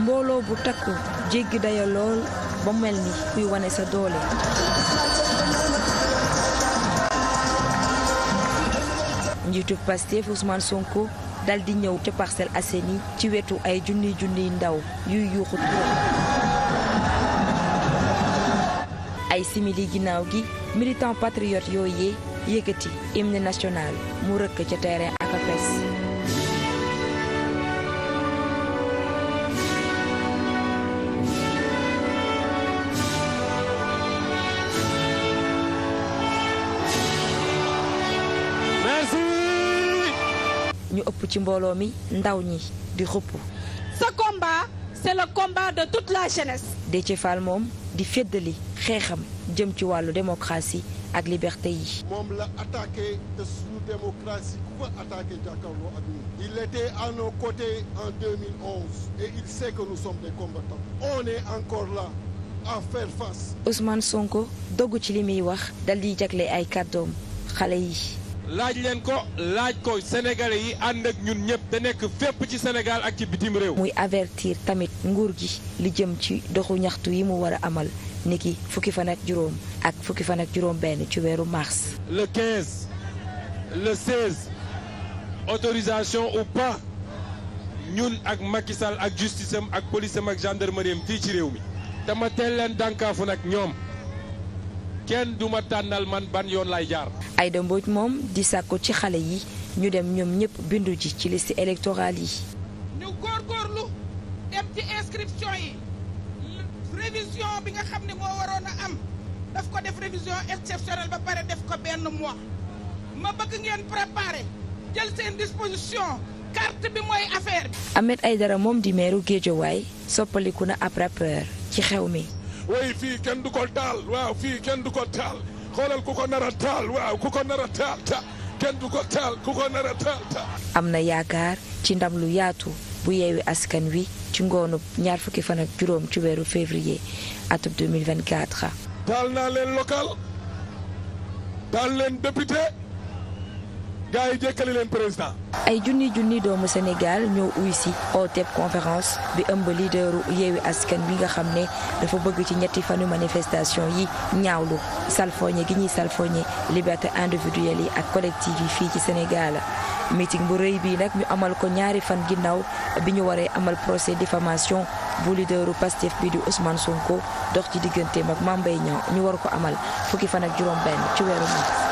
mbooloo bu takku jéggi daya lool ba mel ni kuy wane sa doole. njiitu Pastef Ousmane Sonko dal di ñëw ca Parcelles Assainies ci wetu ay junniy junniy ndaw yuy yuuxu ay simili ginnaaw gi militant patriote yooyee yëkkati hymne national mu rëkk ca terrain ak apes ñu ëpp ci mbooloo mi ndaw ñi di xëpp ce combat c'est le combat de toute la jeunesse Déthié Fall moom di feddali xeexam jëm ci wàllu démocratie ak liberté yi moom la attaqué te suñu démocratie ku ko attaqué jàkkaarloo ak ñun il était à en et il sait que nous sommes encore là à faire face Ousmane Sonko dogg ci li muy wax dal di jagle ay kàddoom xale yi laaj leen ko laaj ko sénégalais yi ànd ak ñun ñëpp te nekk fépp ci senegal ak ci bitim réew. muy avertir tamit nguur gi li jëm ci doxu ñaxtu yi mu war a amal niki fukki fan juróom ak fukki fan ak juróom-benn ci weeru mars. le 15 le 16 autorisation ou pas ñun ak Macky ak justice ak police am ak gendarmerie am ci réew mi. dama teel leen dànkaafu nag ñoom. kenn duma tànnal man ban yoon lay jaar. Aïda Mbodj moom di sàkku ci xale yi ñu dem ñoom ñëpp bindu ji ci liste électorale yi. ñu góorgóorlu dem ci inscription yi révision bi nga xam ne moo waroon a am daf ko def révision exceptionnelle ba pare def ko benn mois ma bëgg ngeen préparer jël seen disposition. carte bi mooy affaire bi. Ahmed Aïdara moom di meeru géejowaay soppaliku na ab rappeur ci xew mi. way fii kenn du ko taal waaw fii kenn du ko taal xoolal ku ko nar a waaw ku ko nar a taal ko taal am na yaakaar ci ndam lu yaatu bu yeewi askan wi ci ngoonu ñaar fukki fan juróom ci weeru février atum 2024. taal naa leen local taal leen député gars yi jékkali leen président. ay junni junni doomu Sénégal ñoo uy si ooteeb conférence bi ëmb lideru yeewi askan bi nga xam ne dafa bëgg ci ñetti fanu manifestation yi ñaawlu salfooñe gi ñuy salfooñe liberté individuelle yi ak collective yi fii ci Sénégal. meeting bu rëy bii nag ñu amal ko ñaari fan ginnaw bi ñu waree amal procès diffamation bu leaderu Pastef bi di Ousmane Sonko dox ci digganteem ak Mame Mbaye ñu war ko amal fukki fan ak juróom benn ci weeru